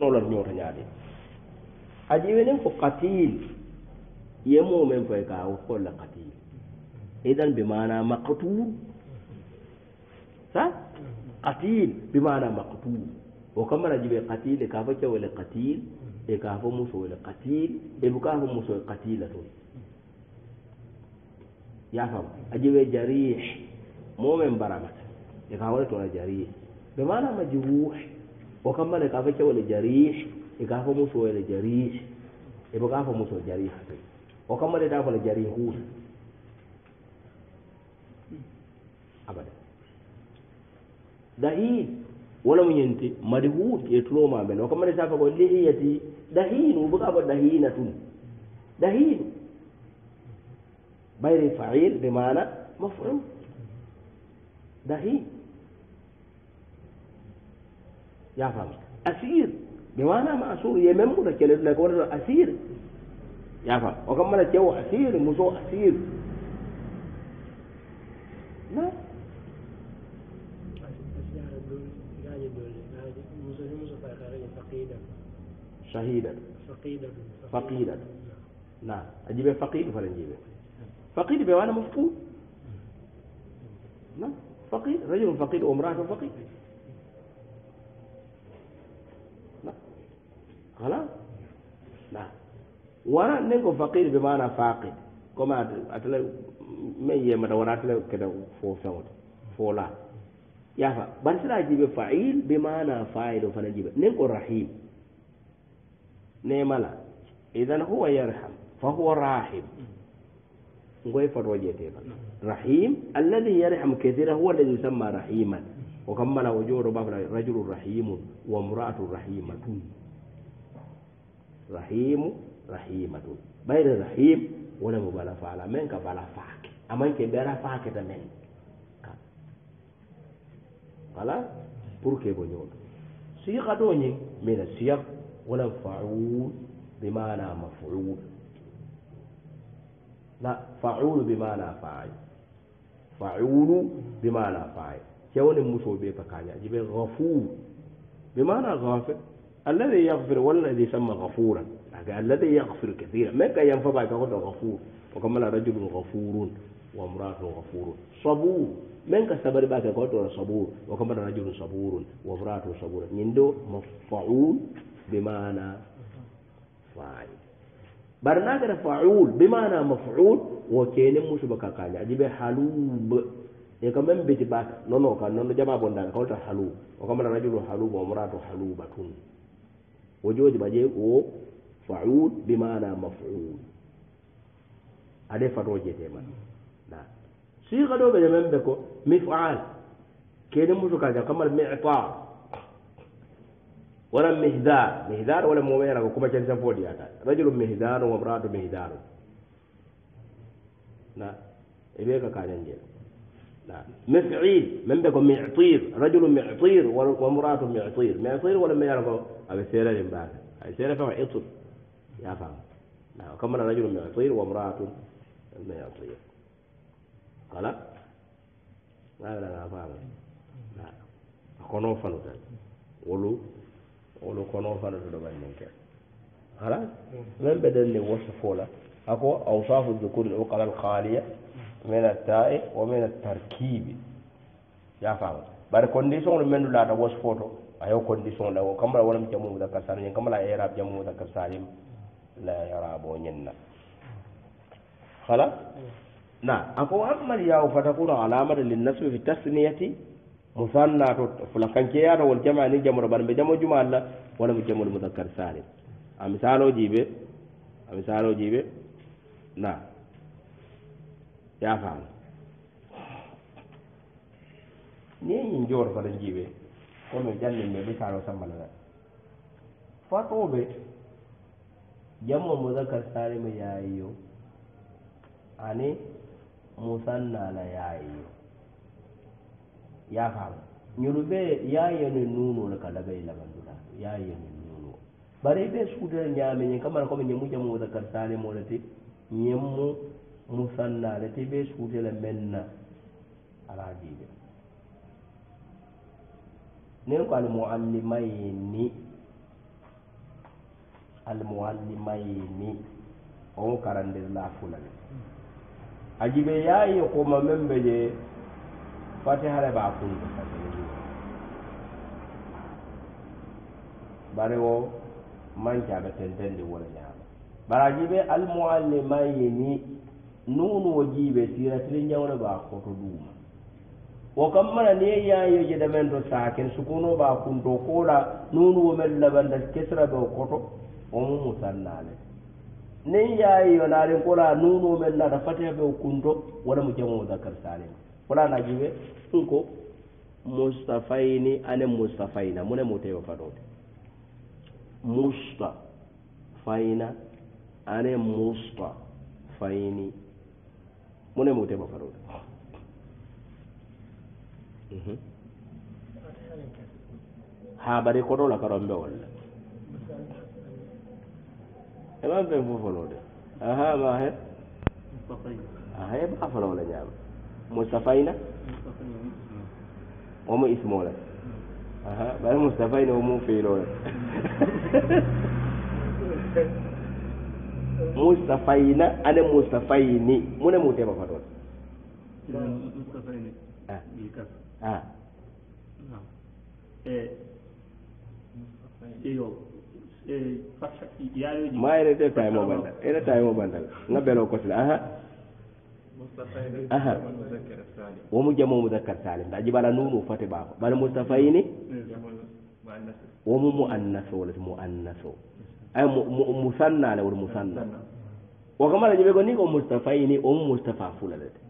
nolal ñootoñaade a ƴiwenen ko katil yemumen koye ka wo kolla katil idan bi mana maktul sa katil bi mana maktul o kamara jiɓe katil e kafo cewole katil e kafo musowole katil e bu kafo musowe katila toon yafam a jiwe jarih momen baramata e kawole toona jarih bi mana majruhe وكما لكافة كوالي جريح يكافة موسو والي يبقى يبقافة موسو جريح وكما لكافة هوس أبدا دهين من ينتي مدهود يتلو ما بين وكما لكافة لحيتي دهين وبقافة دهينة دهين بين فعيل بمعنى مفعول دهين يا فاضل أسير بمعنى مأسور يمم ولا لك لا كورا أسير وكم وكمل الجو أسير مزو أسير لا شهيدا فقيدا فقيدا نعم أجيب فقيد فلا نجيب فقيد بمعنى مفقود نعم فقيد رجل فقيد وامرأة فقيد hala na wara nen ko faqir be mana faqid comme atele min yemata wona atele kede fo fewde fola yafa bar sera jiɓe fail be mana fayid o fana jiɓe nen ko rahim nemala idan howa yarham fa howa rahim ngoye fato jeeteba rahim alladi yarham kathira howa alladi usamma rahiman o kammala o jooɗo bafla rajulu rahimun wa mraatu rahimatun rahimu rahima ɗum ɓayre rahim wonemo bala fala min ka bala faake amanke ɓera faake ta men ka wala pour ke bo ñoɗo siiha ɗo ñin mina siyak wonan faul bimana mafuul la faulu bimana faay faulu bimana faay kewone musoɓe ta kaña jibe gafur bimana gafe الذي يغفر والذي يسمى غفورا الذي يغفر كثيرا ما كان ينفع كقول غفور وكمل رجل غفور وامرأة غفور صبور من كسبر بقى كقول صبور وكمل رجل صبور وامرأة صبور يندو مفعول بمعنى فاعل برناك فعول بمعنى مفعول وكين مش بقى كان عجيب حلوب ya kaman biti ba nono ka nono jama bonda ka wata halu wa kamar rajulu halu wa wajoji baje wo fa'ul bi ma'ana maf'ul ade faroje te man da siga do be be ko mif'al kene musu ka kamar mi'ta wala mihdar mihdar wala mu'mina ko kuma can san fodi ata rajulun mihdar wa imra'atun mihdar na ibe ka kanen مفعيل نعم. من بكم معطير رجل معطير ومرأة معطير معطير ولما يعرفوا أبي سيرة لمبارك أبي سيرة فهو عطر يا فهم نعم من رجل معطير وامرأة معطير قال لا لا لا فهم لا خنوفا نتال ولو ولو خنوفا نتال من منك خلاص من بدل وصفه له أكو أوصاف الذكور العقل الخالية min attae wo min tarkibe ya fama bare condition ɗo mendu laata wasu foto ayo condition ɗa o kamɓala wonam jamu moudakar salim ñen kamɓala erab jamu moudakar salim la yarabo ñenna hala na ako ammal yawu fatakuno alamata linnasbe fi tasniyati musanna to fula kanke yata won jama ni jamoro ɓaɗa mɓe jamo juma allah wonamo jamol moudakar salim a misaloji ɓe a misaloji ɓe na ya faamu ni jiibe jor fana jiɓe kono jalli ɓe ɓe kaano sammalana jamo jamma mudakkar salima yo ani yaayi yo ya faamu ñunu ɓe yayiyone nununo ka la laɓey labanduɗa yayiyone nunuo bare ɓe suudere ñameñen kamara komi ñemmu jamma ti salimolete mu musanna lete ɓe suutele menna ala diɓe nen ko almuallimayni almuallimayni on karandir lafulani ajibe yaayi koma men be je fatihale ba kunde bari o manca ɓe tentendi wona ñaama bara ajibe almuallimayni nuunu wo jiibe siratili ñawna ɓa koto ɗuuma wo kam mana ni yayo jedamen to saken sukono ɓa kunto kola nuunu wo men labanda kesra ɓe o koto omu musannale nin yayo naalen kola nuunu wo men nata fatiha ɓe o kunto wona mu jamo moudakar salim wala na jiɓe ɗum ko mustafayni ane mustafayna mune mu tewo fadode musta fayna ane musta fayni mune mu tema farude mhm. ha ɓari koɗola karonɓe walla eman ɓen fo folode aha ma he aha e baa folola ñama mustafayna omo ismola aha ɓay mustafayna omo feylola mustafayna ane mustafayni mune mu tema fatoon ah. ah. ah. e, e, ma ene te tawi mo bandal ene tawi mo bandal nga belo kosle aha aha womu jamo moudakar salim da jibala nunu fate baako bala mustafayni e, womu mu annaso walati mu annaso ay musanna le wori musanna wokamala jeɓe ko ni o mustapfayini omo mustapha fula lete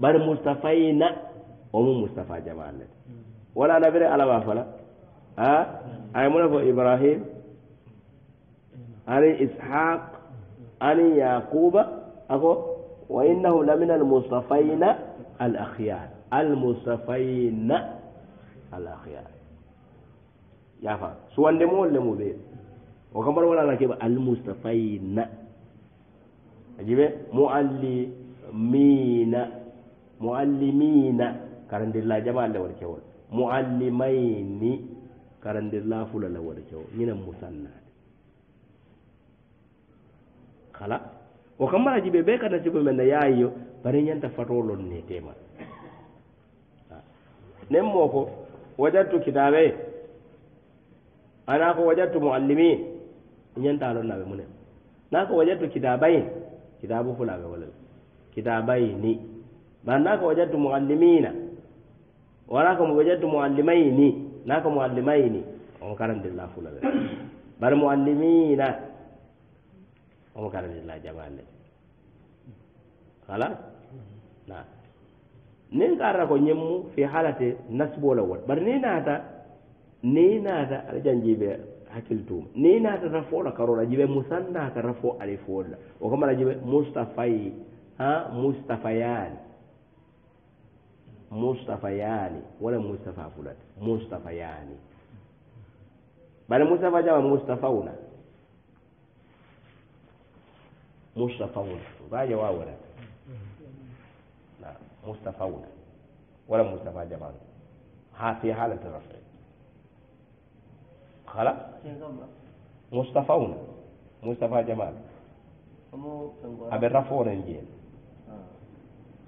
bari mustapfayina omo mustapha jamal lete wala nabire alawa fala a ay mu ne fo ibrahim ani ishaq ani yaquba ako wa innahu lamin almustapfayina al akhyar almustapfayina al akhyar yafa suwandemo le mu ɓee o kam bara walala keɓa almustafayna a jiɓe muallimina muallimina karandirla jama alla waɗa kewol muallimayni karandirla fula alla waɗa kewol ñina musannade kala o kam bara jiɓe ɓe kada siɓo men na yaayyo bare ñanta fatolon ne tema nen moko wajattu kitabe ana ko wajattu muallimin ñentaalon naɓe munen na ko wajattu kitabayin kitabu fulaɓe wolel kitabayini ban na ko wajattu muallimina wala ko wajattu muallimayini na ko muallimayini omo karandilla fulaɓe bar muallimina omo karandilla jamanle ala na nin karata ko ñimmu fi halate nasbola wot bar ni naata ni naata aɗa janjiɓe hakkiltum ni natata fola karola jibe musanna kata fo ali folla o kamala jibe mustafai ha mustafayani mustafayani wala mustafa fulat mustafayani bali mustafa jama mustafauna mustafauna wa wala na mustafauna wala mustafa jama ha fi halat rafi hala mustapha una mustapha jamal aɓe rafoonen jeen ah.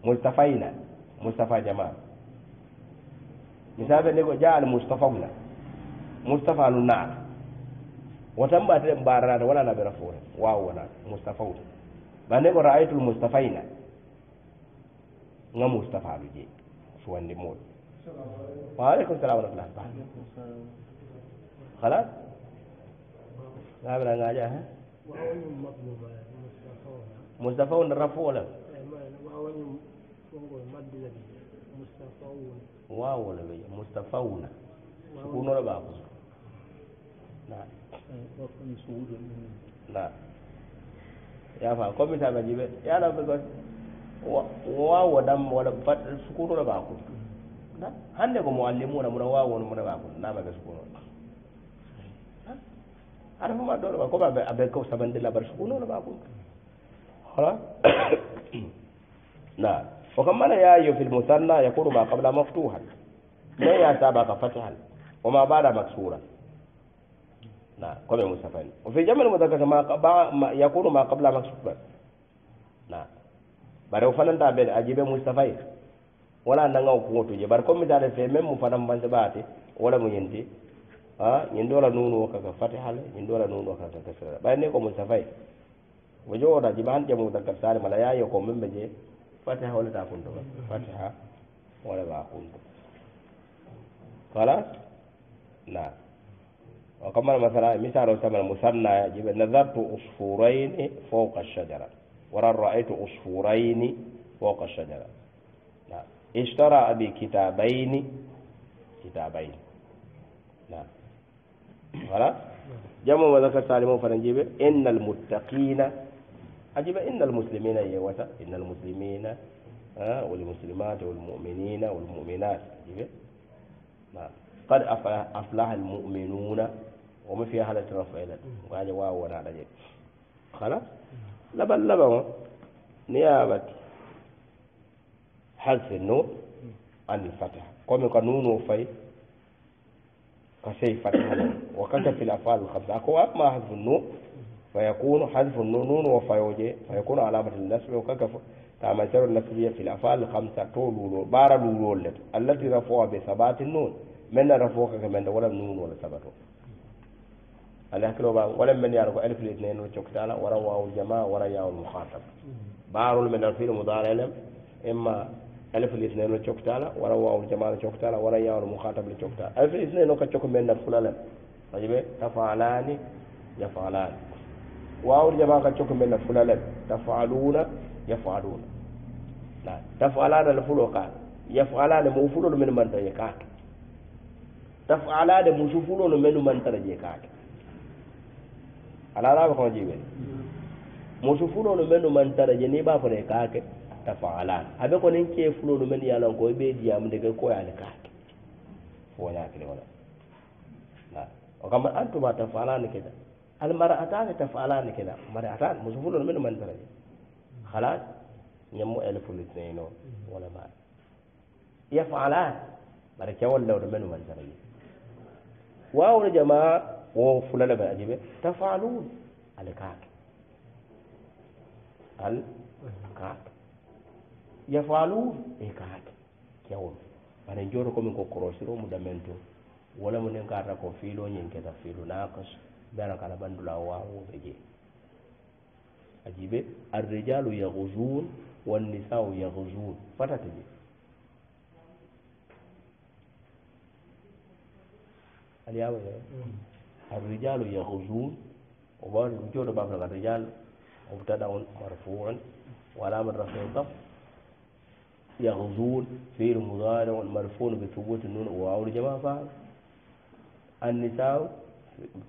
mustapha ina mustapha jamal misaɓe ndego jaal mustapha una mustapha nu naata wotan mbaa teɗe mbaranaata wala naɓe rafoonen waawa wonaat mustapha una ba ndego raaytul mustapha ina nga mustapha lu jeeyi suwanndi muɗum waaleykum salam warahmatullahi ba خلاص لا بلا عامل نجاها مستفون رفولا واو لبي مستفون سكون ولا باقص لا نعم. نعم يا فا كم تابع جيبه يا لا بقول واو دم ولا بات سكون ولا باقص نعم هندكم معلمون من واو من باقص لا نعم، بس سكون arafuma ɗono ma comme aɓe aɓe ko sabande labar suku noono makum hola na o kam mana yayo fil musanna yakunu ma qabla maftuhan ne ya sabaka fatihan oma bala maksura na comme musafani o fi jamal mudakkar ma yakunu ma qabla maksura na bare o fananta ɓene a jibe mustapfaye wona nanga o kuŋotuje bare comme misale fe même mo fanan fanse ɓaate wala mo ñinti ñin ɗola nuno kaka fatihale ñin ɗola nuno kaka kasirala ɓay ne ko mo safay mo jowoɗa jiba han jamo dakkar sare mala yaye ko men ɓe je fatiha wolata kunto ba fatiha wolaba kunto خلاص نعم وكمان مثلا مثال مثلا مثنى جيب نذرت عصفورين فوق الشجرة ورا رأيت عصفورين فوق الشجرة نعم اشترى أبي كتابين كتابين نعم voilà jamo ma zakar talimo fana jiɓe inna al muttaqina a jiɓa inna al muslimina yewata inna al muslimina wal muslimat wal muminina wal muminat a jiɓe qad aflaha al muminuna omi fiya hala tranfaila gaje wawa wonaɗa je halas laɓal laɓan o ni yaɓat halse no anil fatiha comme ko nunu o fayi كشيء فتح وكشف الأفعال الخمسة أكو أما حذف النون فيكون حذف النون وفيوجي فيكون علامة النسب وككف تعمسر النسبية في الأفعال الخمسة طول بار لولولد التي رفعها بثبات النون من رفعها كمان ولا النون ولا ثبته الأكل وبان ولا من يعرف ألف الاثنين والشكتالة ورواه الجماعة ورياه المخاطب بار من الفيل مضارع إما ألف الاثنين وشوكتالا ورا واو الجماعة شوكتالا ورا ياو المخاطب لشوك تالا ألف الاثنين وكشوك من نفس نفلالم طيب تفعلان يفعلان واو الجماعة كشوك من نفس نفلالم تفعلون يفعلون لا تفعلان الفلو قال يفعلان موفلون من من تيكاك تفعلان مشفلون من من تيكاك على رابع كما جيبين مشفلون من من تيكاك تفعلان أبيكون إن كيف فلون من يالون كوي بيديا من دكان كوي على كات فوانا كده ولا لا وكما أنتم تفعلان كده المرأة تاني تفعلان كده مرأة تاني مش فلون منو من ترى خلاص يمو ألف الاثنين ولا ما يفعلان مرأة كوال لون منو من ترى واو جماعة واو فلان بعجيبه تفعلون على كات هل كات yafaalu e kaake kewo bana jooto komin ko korosiro mu damen to wala mu nen karata ko fiilo ñin keta fiilu naakas mbeyala kala bandula waawoɓe je a jiɓe arrijalu yahzuun wannisau yahzuun fatata je aliyawa e mm. arrijalu yahzuun o bawa jooto baflaka rijal obtaɗa on marfuan wala mat rafe gaf يغزون في المضارع المرفون بثبوت النون وواو الجماعة فاعل النساء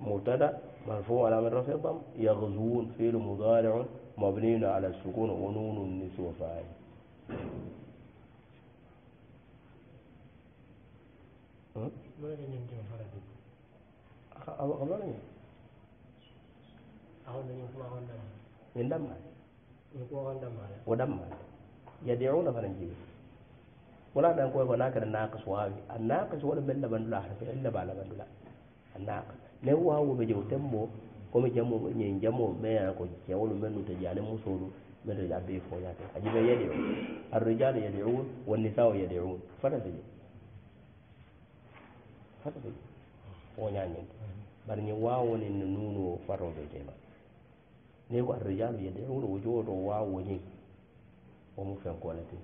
مبتدا مرفوع على من رفع الضم يغزون فعل مضارع مبني على السكون ونون النسوة فاعل ودمع أه؟ ودمع yadeuna fana jibe wala nan koy wala kana naqis wawi an naqis wala mel labandula ha fe illa ba labandula an naqis ne wawo be jow tembo ko me jammo nye jammo me an ko jawlo men to jani musulu men to jabe fo ya ta ajibe yadi ar rijal yadeun wan nisa yadeun fana be fata be o nyaani bar ni wawo ni nunu faro be jema ne ko ar rijal yadeun wujodo wawo ni omu fenkoolete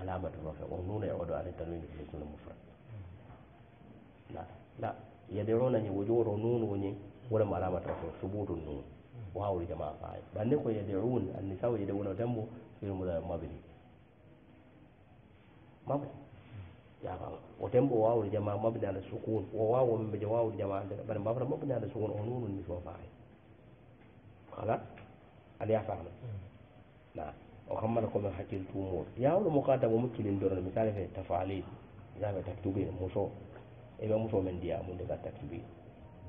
alamatanofe o nuna e oɗo arinta nuyno fesuna mofra la la yederonañi wo jooto nuunu woñi wolemo alamatanofe subutu nuunu wawri jama faaye bande ko yedeun anni saw yede wono tembo firmula mabri mabri jafam o tembo o wawri jama mabni ala sukun o wawo mimɓe je wawri jama bane mbafra mabni ala sukun o nuunu ni fo faaye wala aliya fama hmm. na o kammala komin hakkil tumor yawno mo ka dabo mukkilin doron misali fe tafalil misali fe taktubir muso eɓe muso men ndiya munde ka taktubir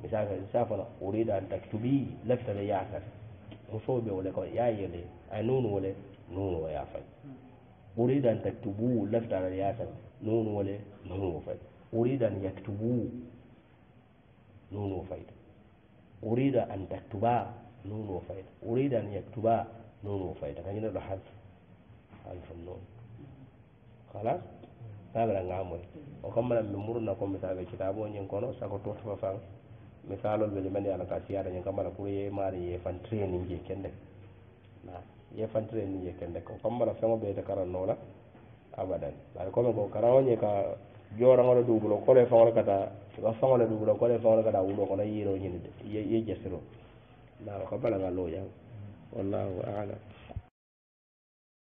misali fe safana urida an taktubi leftere yakata musoɓe wole ko yayele ay nun wole nun o yafay urida an taktubu leftere yakata nun wole nun o fay urida an yaktubu nun o fayta urida an taktuba nun o fayta urida an yaktuba nun o fayta kañumne ɗo hadf an fonnoo wala naɓerangamoy o kamma nan mi murna ko misaɓe citaɓoñin kono sago tortofa fan misalol ɓe jomande alaka siyaɗañin kambala pour ye maari yefan training je kende a yefan training je kende o kambala fengo ɓeyete karannoola abadan bare comme ko karaoñe ka jorangole duɓulo kolo e fangole kata ga fangole duɓulo kolo e fangole kata wuuro kono yiiroñinde ye jasiro na o kambalangalloyang wallahu alam